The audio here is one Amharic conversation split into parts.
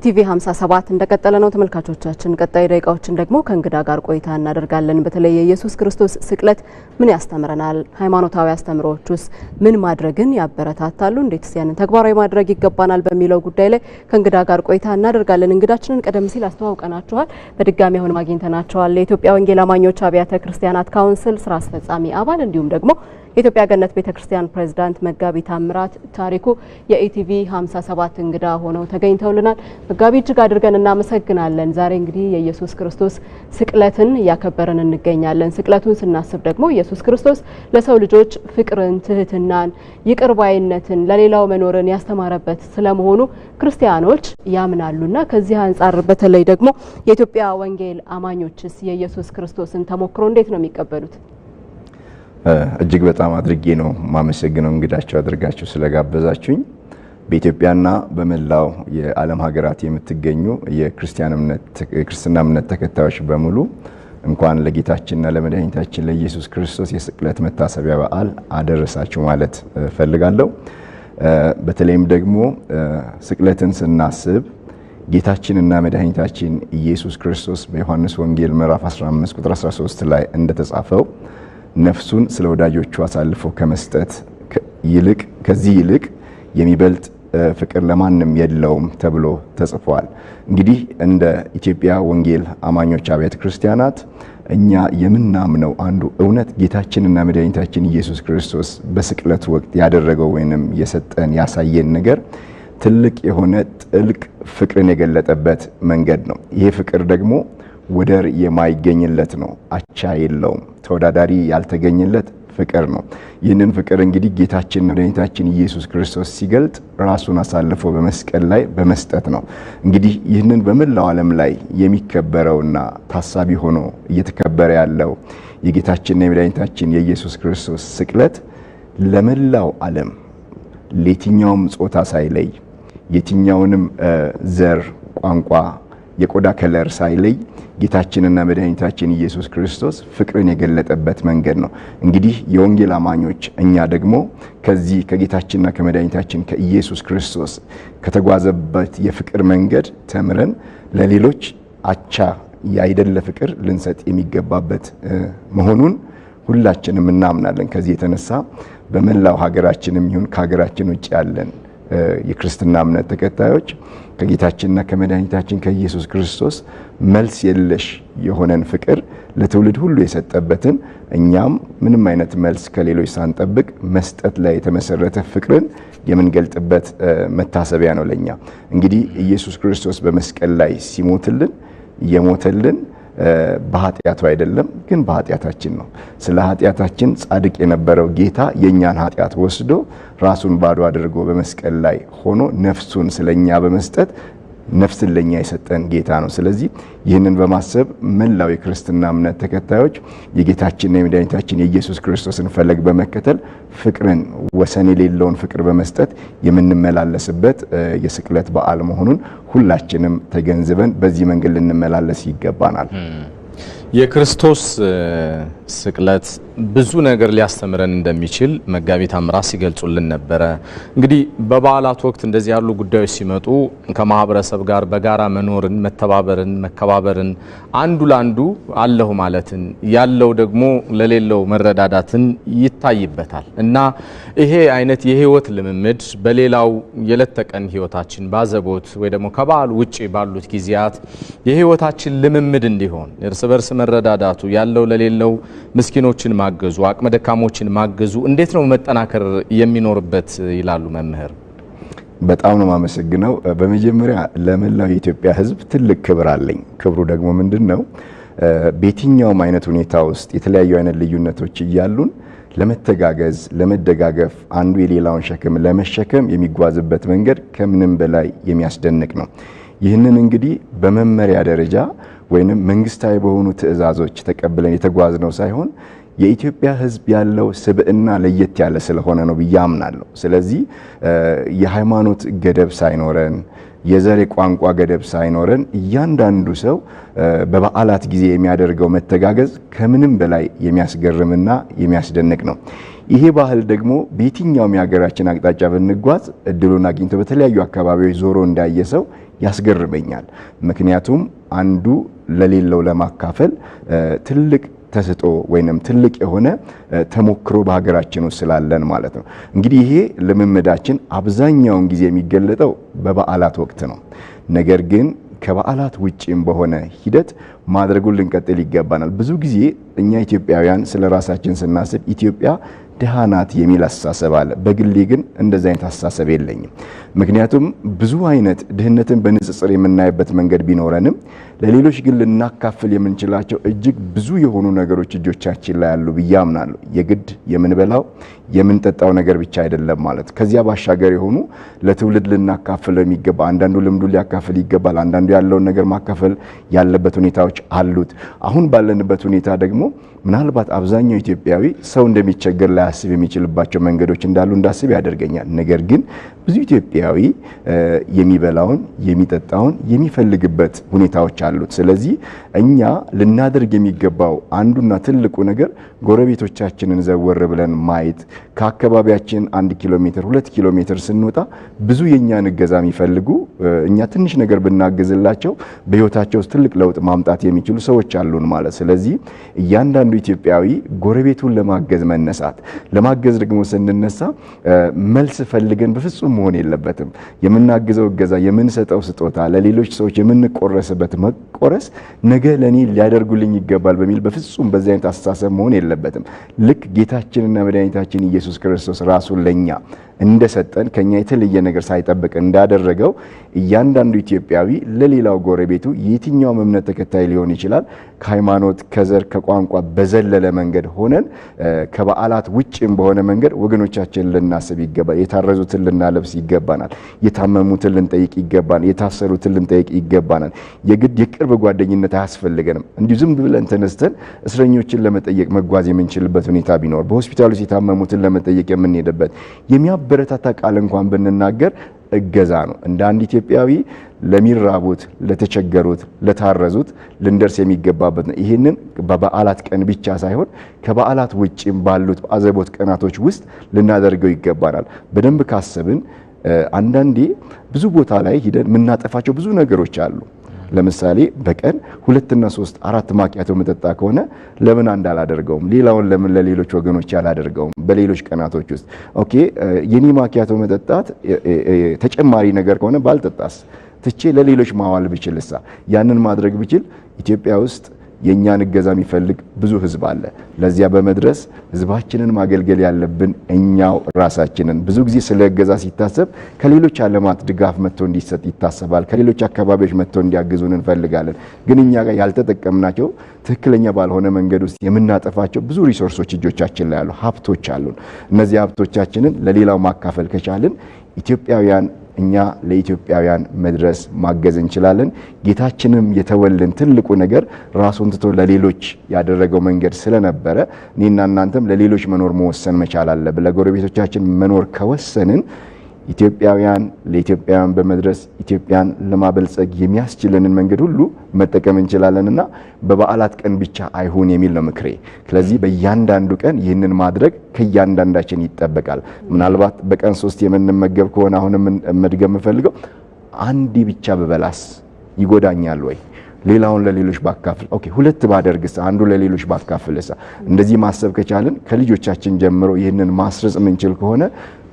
ኢቲቪ 57 እንደቀጠለ ነው ተመልካቾቻችን። ቀጣይ ደቂቃዎችን ደግሞ ከእንግዳ ጋር ቆይታ እናደርጋለን። በተለይ የኢየሱስ ክርስቶስ ስቅለት ምን ያስተምረናል? ሃይማኖታዊ አስተምሮዎች ውስጥ ምን ማድረግን ያበረታታሉ? እንዴትስ ያንን ተግባራዊ ማድረግ ይገባናል? በሚለው ጉዳይ ላይ ከእንግዳ ጋር ቆይታ እናደርጋለን። እንግዳችንን ቀደም ሲል አስተዋውቀናችኋል፣ በድጋሚ አሁንም አግኝተናቸዋል። የኢትዮጵያ ወንጌል አማኞች አብያተ ክርስቲያናት ካውንስል ስራ አስፈጻሚ አባል እንዲሁም ደግሞ የኢትዮጵያ ገነት ቤተ ክርስቲያን ፕሬዝዳንት መጋቢ ታምራት ታሪኩ የኢቲቪ 57 እንግዳ ሆነው ተገኝተውልናል። መጋቢ እጅግ አድርገን እናመሰግናለን። ዛሬ እንግዲህ የኢየሱስ ክርስቶስ ስቅለትን እያከበርን እንገኛለን። ስቅለቱን ስናስብ ደግሞ ኢየሱስ ክርስቶስ ለሰው ልጆች ፍቅርን፣ ትህትናን፣ ይቅርባይነትን ለሌላው መኖርን ያስተማረበት ስለመሆኑ ክርስቲያኖች ያምናሉና ከዚህ አንጻር በተለይ ደግሞ የኢትዮጵያ ወንጌል አማኞችስ የኢየሱስ ክርስቶስን ተሞክሮ እንዴት ነው የሚቀበሉት? እጅግ በጣም አድርጌ ነው ማመሰግነው እንግዳቸው አድርጋቸው ስለጋበዛችሁኝ። በኢትዮጵያና በመላው የዓለም ሀገራት የምትገኙ የክርስትና እምነት ተከታዮች በሙሉ እንኳን ለጌታችንና ለመድኃኒታችን ለኢየሱስ ክርስቶስ የስቅለት መታሰቢያ በዓል አደረሳችሁ ማለት እፈልጋለሁ። በተለይም ደግሞ ስቅለትን ስናስብ ጌታችንና መድኃኒታችን ኢየሱስ ክርስቶስ በዮሐንስ ወንጌል ምዕራፍ 15 ቁጥር 13 ላይ እንደተጻፈው ነፍሱን ስለ ወዳጆቹ አሳልፎ ከመስጠት ይልቅ ከዚህ ይልቅ የሚበልጥ ፍቅር ለማንም የለውም ተብሎ ተጽፏል። እንግዲህ እንደ ኢትዮጵያ ወንጌል አማኞች አብያተ ክርስቲያናት እኛ የምናምነው አንዱ እውነት ጌታችንና መድኃኒታችን ኢየሱስ ክርስቶስ በስቅለት ወቅት ያደረገው ወይንም የሰጠን ያሳየን ነገር ትልቅ የሆነ ጥልቅ ፍቅርን የገለጠበት መንገድ ነው። ይሄ ፍቅር ደግሞ ወደር የማይገኝለት ነው፣ አቻ የለውም፣ ተወዳዳሪ ያልተገኘለት ፍቅር ነው። ይህንን ፍቅር እንግዲህ ጌታችን መድኃኒታችን ኢየሱስ ክርስቶስ ሲገልጥ ራሱን አሳልፎ በመስቀል ላይ በመስጠት ነው። እንግዲህ ይህንን በመላው ዓለም ላይ የሚከበረውና ታሳቢ ሆኖ እየተከበረ ያለው የጌታችንና የመድኃኒታችን የኢየሱስ ክርስቶስ ስቅለት ለመላው ዓለም ለየትኛውም ጾታ ሳይለይ የትኛውንም ዘር፣ ቋንቋ፣ የቆዳ ከለር ሳይለይ ጌታችንና መድኃኒታችን ኢየሱስ ክርስቶስ ፍቅርን የገለጠበት መንገድ ነው። እንግዲህ የወንጌል አማኞች እኛ ደግሞ ከዚህ ከጌታችንና ከመድኃኒታችን ከኢየሱስ ክርስቶስ ከተጓዘበት የፍቅር መንገድ ተምረን ለሌሎች አቻ ያይደለ ፍቅር ልንሰጥ የሚገባበት መሆኑን ሁላችንም እናምናለን። ከዚህ የተነሳ በመላው ሀገራችንም ይሁን ከሀገራችን ውጭ ያለን የክርስትና እምነት ተከታዮች ከጌታችንና ከመድኃኒታችን ከኢየሱስ ክርስቶስ መልስ የለሽ የሆነን ፍቅር ለትውልድ ሁሉ የሰጠበትን እኛም ምንም አይነት መልስ ከሌሎች ሳንጠብቅ መስጠት ላይ የተመሰረተ ፍቅርን የምንገልጥበት መታሰቢያ ነው። ለእኛ እንግዲህ ኢየሱስ ክርስቶስ በመስቀል ላይ ሲሞትልን እየሞተልን በኃጢአቱ አይደለም፣ ግን በኃጢአታችን ነው። ስለ ኃጢአታችን ጻድቅ የነበረው ጌታ የእኛን ኃጢአት ወስዶ ራሱን ባዶ አድርጎ በመስቀል ላይ ሆኖ ነፍሱን ስለኛ በመስጠት ነፍስን ለእኛ የሰጠን ጌታ ነው። ስለዚህ ይህንን በማሰብ መላው የክርስትና እምነት ተከታዮች የጌታችንና የመድኃኒታችን የኢየሱስ ክርስቶስን ፈለግ በመከተል ፍቅርን ወሰን የሌለውን ፍቅር በመስጠት የምንመላለስበት የስቅለት በዓል መሆኑን ሁላችንም ተገንዝበን በዚህ መንገድ ልንመላለስ ይገባናል። የክርስቶስ ስቅለት ብዙ ነገር ሊያስተምረን እንደሚችል መጋቢ ታምራት ሲገልጹልን ነበረ። እንግዲህ በበዓላት ወቅት እንደዚህ ያሉ ጉዳዮች ሲመጡ ከማህበረሰብ ጋር በጋራ መኖርን፣ መተባበርን፣ መከባበርን፣ አንዱ ለአንዱ አለሁ ማለትን፣ ያለው ደግሞ ለሌለው መረዳዳትን ይታይበታል እና ይሄ አይነት የህይወት ልምምድ በሌላው የዕለት ተቀን ህይወታችን ባዘቦት ወይ ደግሞ ከበዓል ውጭ ባሉት ጊዜያት የህይወታችን ልምምድ እንዲሆን እርስ በርስ መረዳዳቱ ያለው ለሌለው ምስኪኖችን ማ ማገዙ፣ አቅመ ደካሞችን ማገዙ እንዴት ነው መጠናከር የሚኖርበት ይላሉ መምህር? በጣም ነው የማመሰግነው። በመጀመሪያ ለመላው የኢትዮጵያ ሕዝብ ትልቅ ክብር አለኝ። ክብሩ ደግሞ ምንድን ነው? በየትኛውም አይነት ሁኔታ ውስጥ የተለያዩ አይነት ልዩነቶች እያሉን ለመተጋገዝ፣ ለመደጋገፍ አንዱ የሌላውን ሸክም ለመሸከም የሚጓዝበት መንገድ ከምንም በላይ የሚያስደንቅ ነው። ይህንን እንግዲህ በመመሪያ ደረጃ ወይንም መንግስታዊ በሆኑ ትዕዛዞች ተቀብለን የተጓዝነው ሳይሆን የኢትዮጵያ ሕዝብ ያለው ስብዕና ለየት ያለ ስለሆነ ነው ብዬ አምናለሁ። ስለዚህ የሃይማኖት ገደብ ሳይኖረን የዘር ቋንቋ ገደብ ሳይኖረን እያንዳንዱ ሰው በበዓላት ጊዜ የሚያደርገው መተጋገዝ ከምንም በላይ የሚያስገርምና የሚያስደንቅ ነው። ይሄ ባህል ደግሞ በየትኛውም የሀገራችን አቅጣጫ ብንጓዝ እድሉን አግኝቶ በተለያዩ አካባቢዎች ዞሮ እንዳየ ሰው ያስገርመኛል። ምክንያቱም አንዱ ለሌለው ለማካፈል ትልቅ ተስጦ ወይንም ትልቅ የሆነ ተሞክሮ በሀገራችን ውስጥ ስላለን ማለት ነው። እንግዲህ ይሄ ልምምዳችን አብዛኛውን ጊዜ የሚገለጠው በበዓላት ወቅት ነው። ነገር ግን ከበዓላት ውጭም በሆነ ሂደት ማድረጉን ልንቀጥል ይገባናል። ብዙ ጊዜ እኛ ኢትዮጵያውያን ስለ ራሳችን ስናስብ ኢትዮጵያ ድሃ ናት የሚል አስተሳሰብ አለ። በግሌ ግን እንደዚ አይነት አስተሳሰብ የለኝም። ምክንያቱም ብዙ አይነት ድህነትን በንጽጽር የምናይበት መንገድ ቢኖረንም ለሌሎች ግን ልናካፍል የምንችላቸው እጅግ ብዙ የሆኑ ነገሮች እጆቻችን ላይ ያሉ ብዬ አምናለሁ። የግድ የምንበላው የምንጠጣው ነገር ብቻ አይደለም ማለት ከዚያ ባሻገር የሆኑ ለትውልድ ልናካፍለው የሚገባ አንዳንዱ ልምዱ ሊያካፍል ይገባል። አንዳንዱ ያለውን ነገር ማካፈል ያለበት ሁኔታ ሁኔታዎች አሉት። አሁን ባለንበት ሁኔታ ደግሞ ምናልባት አብዛኛው ኢትዮጵያዊ ሰው እንደሚቸገር ላያስብ የሚችልባቸው መንገዶች እንዳሉ እንዳስብ ያደርገኛል። ነገር ግን ብዙ ኢትዮጵያዊ የሚበላውን፣ የሚጠጣውን የሚፈልግበት ሁኔታዎች አሉት። ስለዚህ እኛ ልናደርግ የሚገባው አንዱና ትልቁ ነገር ጎረቤቶቻችንን ዘወር ብለን ማየት ከአካባቢያችን አንድ ኪሎ ሜትር ሁለት ኪሎ ሜትር ስንወጣ ብዙ የእኛን እገዛ የሚፈልጉ እኛ ትንሽ ነገር ብናግዝላቸው በህይወታቸው ውስጥ ትልቅ ለውጥ ማምጣት መስራት የሚችሉ ሰዎች አሉን ማለት። ስለዚህ እያንዳንዱ ኢትዮጵያዊ ጎረቤቱን ለማገዝ መነሳት፣ ለማገዝ ደግሞ ስንነሳ መልስ ፈልገን በፍጹም መሆን የለበትም። የምናግዘው እገዛ፣ የምንሰጠው ስጦታ፣ ለሌሎች ሰዎች የምንቆረስበት መቆረስ ነገ ለእኔ ሊያደርጉልኝ ይገባል በሚል በፍጹም በዚህ አይነት አስተሳሰብ መሆን የለበትም። ልክ ጌታችንና መድኃኒታችን ኢየሱስ ክርስቶስ ራሱን ለኛ። እንደሰጠን ከኛ የተለየ ነገር ሳይጠብቅ እንዳደረገው እያንዳንዱ ኢትዮጵያዊ ለሌላው ጎረቤቱ የትኛውም እምነት ተከታይ ሊሆን ይችላል ከሃይማኖት፣ ከዘር፣ ከቋንቋ በዘለለ መንገድ ሆነን ከበዓላት ውጭም በሆነ መንገድ ወገኖቻችን ልናስብ ይገባል። የታረዙትን ልናለብስ ይገባናል። የታመሙትን ልንጠይቅ ይገባናል። የታሰሩትን ልንጠይቅ ይገባናል። የግድ የቅርብ ጓደኝነት አያስፈልገንም። እንዲሁ ዝም ብለን ተነስተን እስረኞችን ለመጠየቅ መጓዝ የምንችልበት ሁኔታ ቢኖር በሆስፒታል ውስጥ የታመሙትን ለመጠየቅ የምንሄድበት የሚያ የሚያበረታታ ቃል እንኳን ብንናገር እገዛ ነው። እንደ አንድ ኢትዮጵያዊ ለሚራቡት፣ ለተቸገሩት፣ ለታረዙት ልንደርስ የሚገባበት ነው። ይህንን በበዓላት ቀን ብቻ ሳይሆን ከበዓላት ውጭም ባሉት አዘቦት ቀናቶች ውስጥ ልናደርገው ይገባናል። በደንብ ካሰብን አንዳንዴ ብዙ ቦታ ላይ ሂደን የምናጠፋቸው ብዙ ነገሮች አሉ። ለምሳሌ በቀን ሁለትና ሶስት አራት ማኪያቶ መጠጣ ከሆነ ለምን አንድ አላደርገውም? ሌላውን ለምን ለሌሎች ወገኖች አላደርገውም? በሌሎች ቀናቶች ውስጥ ኦኬ፣ የኔ ማኪያቶ መጠጣት ተጨማሪ ነገር ከሆነ ባልጠጣስ? ትቼ ለሌሎች ማዋል ብችልሳ? ያንን ማድረግ ብችል ኢትዮጵያ ውስጥ የእኛን እገዛ የሚፈልግ ብዙ ህዝብ አለ። ለዚያ በመድረስ ህዝባችንን ማገልገል ያለብን እኛው ራሳችንን። ብዙ ጊዜ ስለ እገዛ ሲታሰብ ከሌሎች ዓለማት ድጋፍ መጥቶ እንዲሰጥ ይታሰባል። ከሌሎች አካባቢዎች መጥቶ እንዲያግዙን እንፈልጋለን። ግን እኛ ጋር ያልተጠቀምናቸው ትክክለኛ ባልሆነ መንገድ ውስጥ የምናጠፋቸው ብዙ ሪሶርሶች እጆቻችን ላይ ያሉ ሀብቶች አሉን። እነዚህ ሀብቶቻችንን ለሌላው ማካፈል ከቻልን ኢትዮጵያውያን እኛ ለኢትዮጵያውያን መድረስ ማገዝ እንችላለን። ጌታችንም የተወልን ትልቁ ነገር ራሱን ትቶ ለሌሎች ያደረገው መንገድ ስለነበረ እኔና እናንተም ለሌሎች መኖር መወሰን መቻል አለብን። ለጎረቤቶቻችን መኖር ከወሰንን ኢትዮጵያውያን ለኢትዮጵያውያን በመድረስ ኢትዮጵያን ለማበልጸግ የሚያስችለንን መንገድ ሁሉ መጠቀም እንችላለንና በበዓላት ቀን ብቻ አይሁን የሚል ነው ምክሬ። ስለዚህ በእያንዳንዱ ቀን ይህንን ማድረግ ከእያንዳንዳችን ይጠበቃል። ምናልባት በቀን ሶስት የምንመገብ ከሆነ አሁንም መድገም የምፈልገው አንዴ ብቻ በበላስ ይጎዳኛል ወይ? ሌላውን ለሌሎች ባካፍል፣ ኦኬ ሁለት ባደርግስ፣ አንዱ ለሌሎች ባካፍልስ። እንደዚህ ማሰብ ከቻልን ከልጆቻችን ጀምሮ ይህንን ማስረጽ የምንችል ከሆነ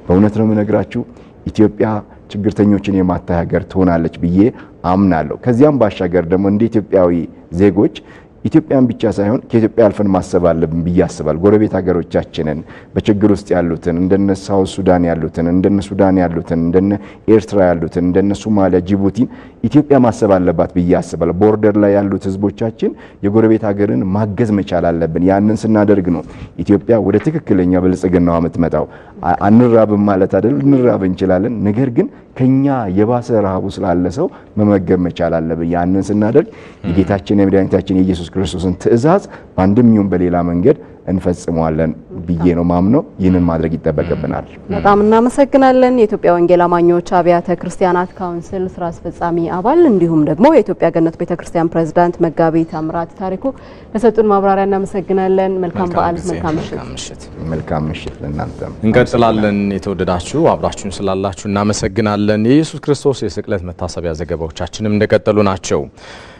በእውነት ነው የምነግራችሁ ኢትዮጵያ ችግርተኞችን የማታይ ሀገር ትሆናለች ብዬ አምናለሁ። ከዚያም ባሻገር ደግሞ እንደ ኢትዮጵያዊ ዜጎች ኢትዮጵያን ብቻ ሳይሆን ከኢትዮጵያ አልፈን ማሰብ አለብን ብዬ አስባል። ጎረቤት ሀገሮቻችንን በችግር ውስጥ ያሉትን እንደነ ሳውዝ ሱዳን ያሉትን እንደነ ሱዳን ያሉትን እንደነ ኤርትራ ያሉትን እንደነ ሶማሊያ፣ ጅቡቲን ኢትዮጵያ ማሰብ አለባት ብዬ አስባል። ቦርደር ላይ ያሉት ህዝቦቻችን የጎረቤት ሀገርን ማገዝ መቻል አለብን። ያንን ስናደርግ ነው ኢትዮጵያ ወደ ትክክለኛ ብልጽግናዋ የምትመጣው። አንራብም ማለት አይደል፣ ልንራብ እንችላለን። ነገር ግን ከኛ የባሰ ረሃቡ ስላለ ሰው መመገብ መቻል አለብን። ያንን ስናደርግ የጌታችን የመድኃኒታችን የኢየሱስ ክርስቶስን ትእዛዝ በአንድም ይሁን በሌላ መንገድ እንፈጽመዋለን ብዬ ነው ማምነው። ይህንን ማድረግ ይጠበቅብናል። በጣም እናመሰግናለን። የኢትዮጵያ ወንጌል አማኞች አብያተ ክርስቲያናት ካውንስል ስራ አስፈጻሚ አባል እንዲሁም ደግሞ የኢትዮጵያ ገነት ክርስቲያን ፕሬዝዳንት መጋቢ ታምራት ታሪኩ ለሰጡን ማብራሪያ እናመሰግናለን። መልካም በዓል፣ መልካም ምሽት። መልካም ምሽት ለእናንተም። እንቀጥላለን። የተወደዳችሁ አብራችሁን ስላላችሁ እናመሰግናለን። የኢየሱስ ክርስቶስ የስቅለት መታሰቢያ ዘገባዎቻችንም እንደቀጠሉ ናቸው።